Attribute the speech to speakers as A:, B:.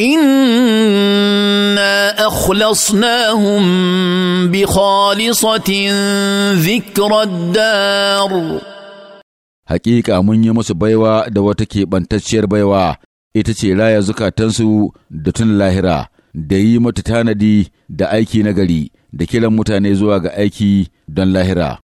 A: انا اخلصناهم بخالصه ذكر الدار
B: Haƙiƙa mun yi musu baiwa da wata keɓantacciyar baiwa ita ce raya zukatansu da tun lahira da yi mata tanadi da aiki nagari da kiran
C: mutane zuwa ga aiki don lahira